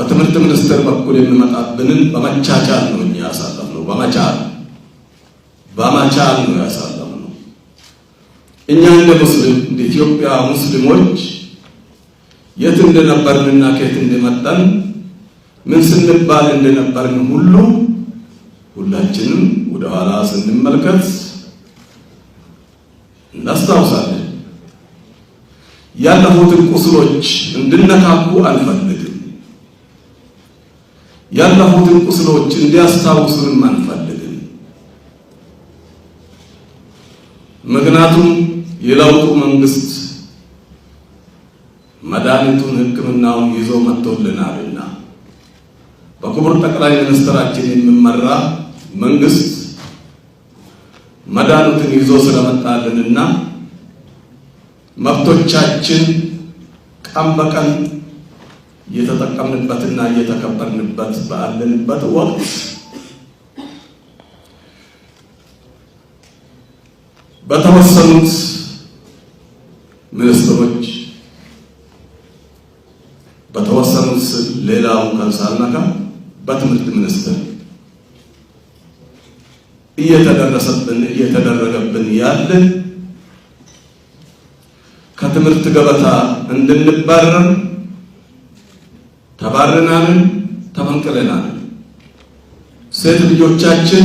በትምህርት ሚኒስቴር በኩል የሚመጣብንን በመቻቻል ነው እኛ ያሳለፍነው። በመቻል በመቻል ነው ያሳለፍነው። እኛ እንደ ሙስሊም እንደ ኢትዮጵያ ሙስሊሞች የት እንደነበርንና ከየት እንደመጣን ምን ስንባል እንደነበርን ሁሉ ሁላችንም ወደ ኋላ ስንመልከት እናስታውሳለን። ያለፉትን ቁስሎች እንድነካኩ አንፈልግም። ያለፉትን ቁስሎች እንዲያስታውሱን አንፈልግም። ምክንያቱም የለውጡ መንግስት መድኃኒቱን ሕክምናውን ይዞ መጥቶልናልና በክቡር ጠቅላይ ሚኒስትራችን የሚመራ መንግስት መድኃኒቱን ይዞ ስለመጣልንና መብቶቻችን ቀን በቀን እየተጠቀምንበትና እየተከበርንበት ባለንበት ወቅት በተወሰኑት ሚኒስትሮች በተወሰኑት ሌላው ከንሳልናካ በትምህርት ሚኒስትር እየተደረሰብን እየተደረገብን ያለን ከትምህርት ገበታ እንድንባረር ተባረናልን፣ ተፈንቅለናልን። ሴት ልጆቻችን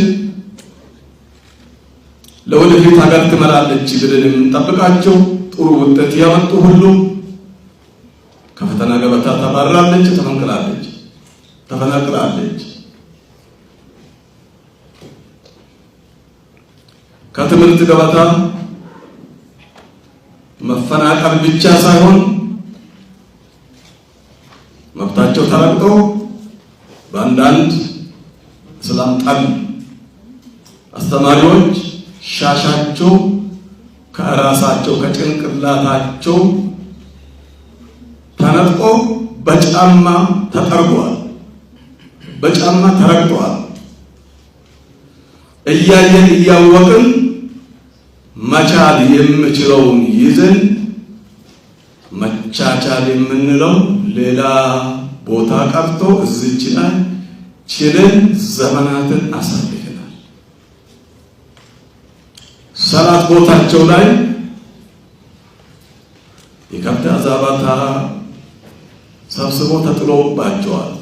ለወደፊት ሀገር ትመራለች ብለን የምንጠብቃቸው ጥሩ ውጤት ያመጡ ሁሉ ከፈተና ገበታ ተባራለች፣ ተፈንቅላለች፣ ተፈናቅላለች። ከትምህርት ገበታ መፈናቀል ብቻ ሳይሆን መብታቸው ተረግጦ በአንዳንድ እስላም ጠል አስተማሪዎች ሻሻቸው ከራሳቸው ከጭንቅላታቸው ተነጥቆ በጫማ ተጠርጓል፣ በጫማ ተረግጧል። እያየን እያወቅን መቻል የምችለውን ይዘን መቻቻል የምንለው ሌላ ቦታ ቀርቶ እዚች ላይ ችለን ዘመናትን አሳልፈናል። ሰላት ቦታቸው ላይ የከብት አዛባታ ሰብስቦ ተጥሎባቸዋል።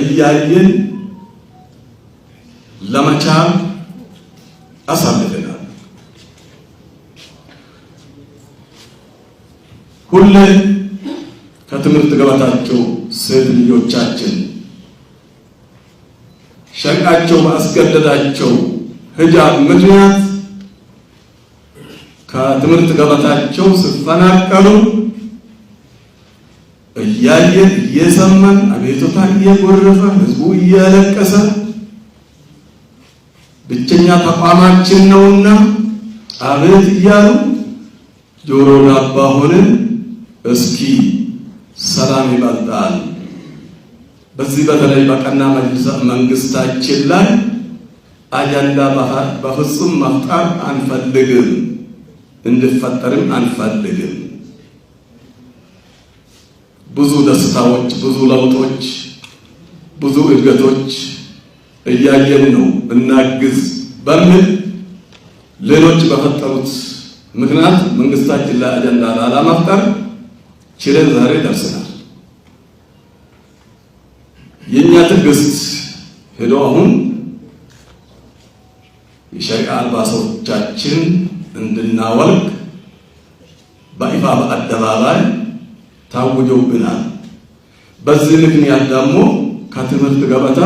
እያየን ለመቻል አሳልፈናል ሁሌ ትምህርት ገበታቸው ሴት ልጆቻችን ሸንቃቸው ባስገደዳቸው ሂጃብ ምክንያት ከትምህርት ገበታቸው ሲፈናቀሉ እያየን እየሰማን አቤቱታ እየጎረፈ ህዝቡ እያለቀሰ ብቸኛ ተቋማችን ነውና አቤት እያሉ ጆሮ ዳባ ሆነን እስኪ ሰላም ይበልጣል። በዚህ በተለይ በቀና መንግስታችን ላይ አጀንዳ በፍጹም መፍጠር አንፈልግም፣ እንድፈጠርም አንፈልግም። ብዙ ደስታዎች፣ ብዙ ለውጦች፣ ብዙ እድገቶች እያየን ነው። እናግዝ በሚል ሌሎች በፈጠሩት ምክንያት መንግስታችን ላይ አጀንዳ ላለመፍጠር ችለን ዛሬ ደርሰናል። የእኛ ትዕግስት ሄዶ አሁን የሸሪዓ አልባሶቻችን እንድናወልቅ በይፋ በአደባባይ ታውጆብናል። በዚህ ምክንያት ደግሞ ከትምህርት ገበታ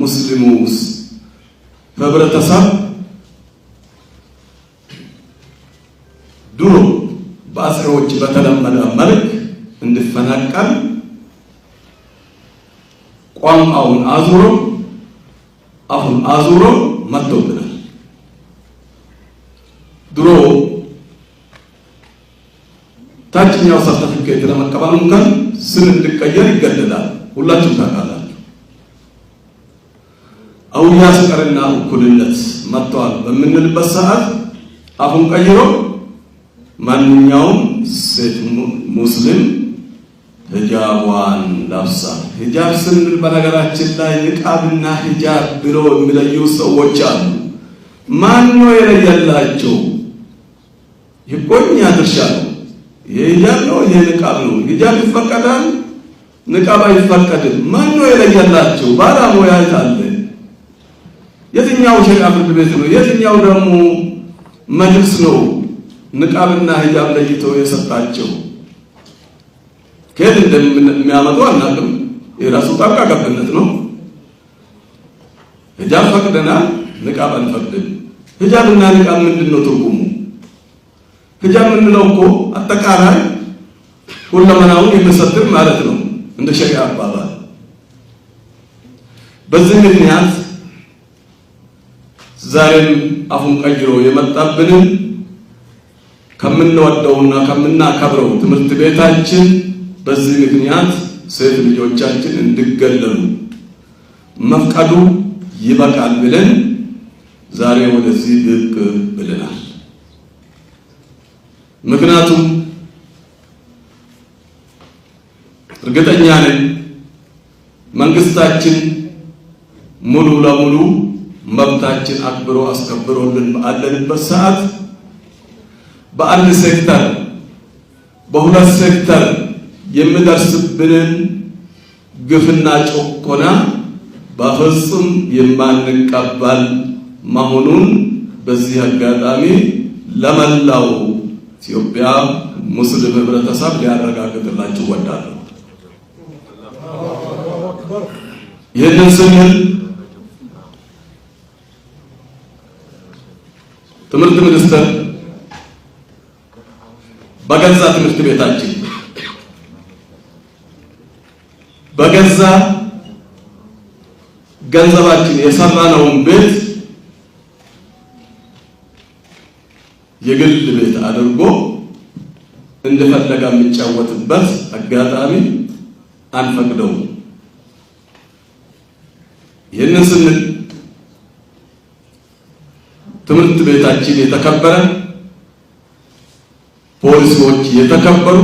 ሙስሊሙ ውስጥ ህብረተሰብ ድሮ በአስሪዎች በተለመደ መልክ እንድፈናቀል ቋንቋውን አዙሮ አፉን አዙሮ መጥቶብናል። ድሮ ታችኛው ሰርተፊኬት ለመቀበል እንኳን ስም እንድቀየር ይገደዳል። ሁላችሁም ታውቃላችሁ። አውያ ፍቅርና እኩልነት መጥተዋል በምንልበት ሰዓት አፉን ቀይሮ ማንኛውም ሴት ሙስሊም ሂጃቧን ለብሳ ሂጃብ ስንል በነገራችን ላይ ንቃብና ሂጃብ ብሎ የሚለዩ ሰዎች አሉ። ማን ነው የለየላቸው? የቆኛ ድርሻ ነው። የሂጃብ ነው የንቃብ ነው። ሂጃብ ይፈቀዳል፣ ንቃብ አይፈቀድም። ማን ነው የለየላቸው? ባለሙያ አለ። የትኛው ሸሪዓ ፍርድ ቤት ነው? የትኛው ደግሞ መጅልስ ነው? ንቃብና ሂጃብ ለይተው የሰጣቸው ከየት እንደሚያመጡ አናውቅም። የራሱ ጣልቃ ገብነት ነው። ሂጃብ ፈቅደናል፣ ንቃብ አንፈቅድም። ህጃብ እና ንቃብ ምንድን ነው ትርጉሙ? ሂጃብ የምንለው እኮ አጠቃላይ ሁለመናውን የሚሰትር ማለት ነው እንደ ሸሪዓ አባባል። በዚህ ምክንያት ዛሬም አፉን ቀይሮ የመጣብንን ከምንወደውና ከምናከብረው ትምህርት ቤታችን በዚህ ምክንያት ሴት ልጆቻችን እንዲገለሉ መፍቀዱ ይበቃል ብለን ዛሬ ወደዚህ ብቅ ብለናል። ምክንያቱም እርግጠኛ ነን መንግስታችን ሙሉ ለሙሉ መብታችን አክብሮ አስከብሮልን ባለንበት ሰዓት በአንድ ሴክተር በሁለት ሴክተር የምደርስብንን ግፍና ጭቆና በፍጹም የማንቀበል መሆኑን በዚህ አጋጣሚ ለመላው ኢትዮጵያ ሙስሊም ህብረተሰብ ሊያረጋግጥላችሁ እወዳለሁ። ይህንን ስንል ትምህርት ሚኒስቴር በገዛ ትምህርት ቤታችን በገዛ ገንዘባችን የሰራነውን ቤት የግል ቤት አድርጎ እንደፈለጋ የሚጫወትበት አጋጣሚ አንፈቅደውም። ይህንን ስንል ትምህርት ቤታችን የተከበረ፣ ፖሊሲዎች የተከበሩ፣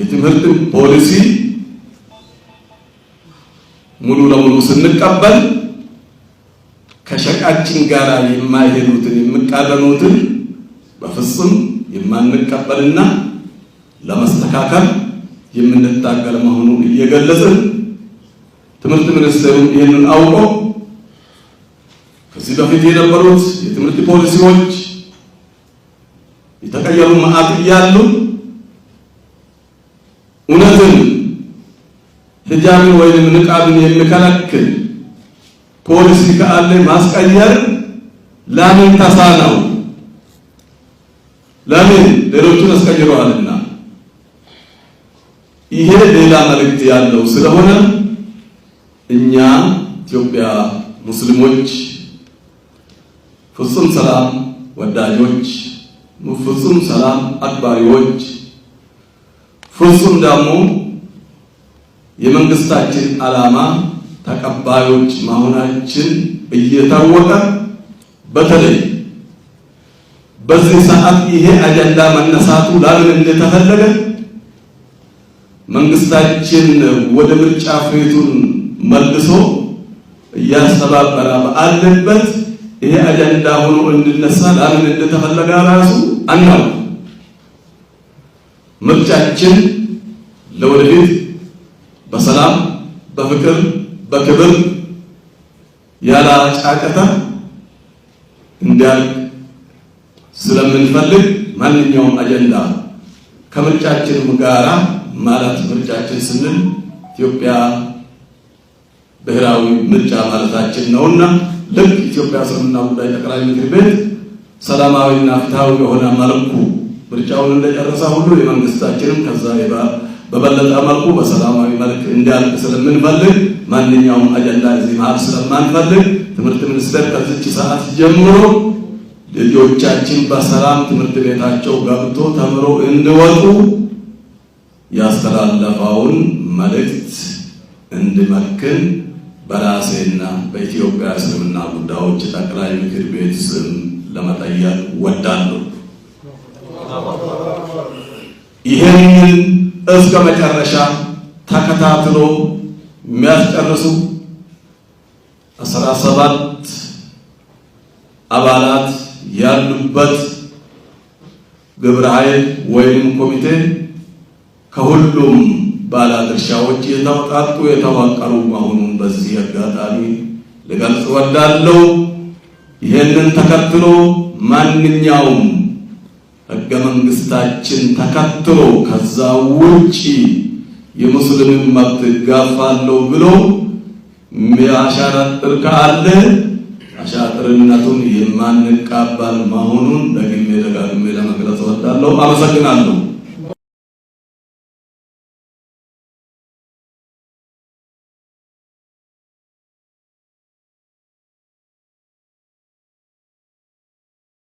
የትምህርት ፖሊሲ ሙሉ ለሙሉ ስንቀበል ከሸቃችን ጋር የማይሄዱትን የሚቃረኑትን በፍጹም የማንቀበልና ለመስተካከል የምንታገል መሆኑን እየገለጽን ትምህርት ሚኒስቴሩም ይህንን አውቆ ከዚህ በፊት የነበሩት የትምህርት ፖሊሲዎች የተቀየሩ መዓት እያሉ እውነትን ሂጃብን ወይንም ንቃብን የሚከለክል ፖሊሲ ካለ ማስቀየር ለምን ተሳነው? ለምን ሌሎቹን አስቀይረዋልና። ይሄ ሌላ መልእክት ያለው ስለሆነ እኛ ኢትዮጵያ ሙስሊሞች ፍጹም ሰላም ወዳጆች፣ ፍጹም ሰላም አክባሪዎች፣ ፍጹም ደግሞ የመንግስታችን ዓላማ ተቀባዮች መሆናችን እየታወቀ በተለይ በዚህ ሰዓት ይሄ አጀንዳ መነሳቱ ለምን እንደተፈለገ መንግስታችን ወደ ምርጫ ፍሬቱን መልሶ እያስተባበረ ባለበት ይሄ አጀንዳ ሆኖ እንድነሳ ለምን እንደተፈለገ ራሱ አናውቅም። ምርጫችን ለወደፊት በሰላም በፍቅር በክብር ያለ ጫቀተ እንዲያልቅ ስለምንፈልግ ማንኛውም አጀንዳ ከምርጫችንም ጋራ ማለት ምርጫችን ስንል ኢትዮጵያ ብሔራዊ ምርጫ ማለታችን ነውና ልክ ኢትዮጵያ እስልምና ጉዳይ ጠቅላይ ምክር ቤት ሰላማዊና ፍትሃዊ የሆነ መልኩ ምርጫውን እንደጨረሰ ሁሉ የመንግስታችንም ከዛ ይባል። በበለጠ መልኩ በሰላማዊ መልክ እንዲያልቅ ስለምንፈልግ ማንኛውም አጀንዳ እዚህ መሀል ስለማንፈልግ ትምህርት ሚኒስቴር ከዚች ሰዓት ጀምሮ ልጆቻችን በሰላም ትምህርት ቤታቸው ገብቶ ተምሮ እንዲወጡ ያስተላለፈውን መልእክት እንድመክን በራሴና በኢትዮጵያ እስልምና ጉዳዮች ጠቅላይ ምክር ቤት ስም ለመጠየቅ ወዳለሁ። ይህንን እስከ መጨረሻ ተከታትሎ የሚያስጨርሱ አስራ ሰባት አባላት ያሉበት ግብረ ኃይል ወይም ኮሚቴ ከሁሉም ባለድርሻዎች የተውጣጡ የተዋቀሩ መሆኑን በዚህ አጋጣሚ ልገልጽ እወዳለሁ። ይህንን ተከትሎ ማንኛውም ህገ መንግስታችን ተከትሎ ከዛ ውጪ የሙስሊምን መብት እጋፋለሁ ብሎ የሚያሻጥር ካለ አሻጥርነቱን የማንቀበል መሆኑን ደግሜ ደጋግሜ ለመግለጽ እወዳለሁ። አመሰግናለሁ።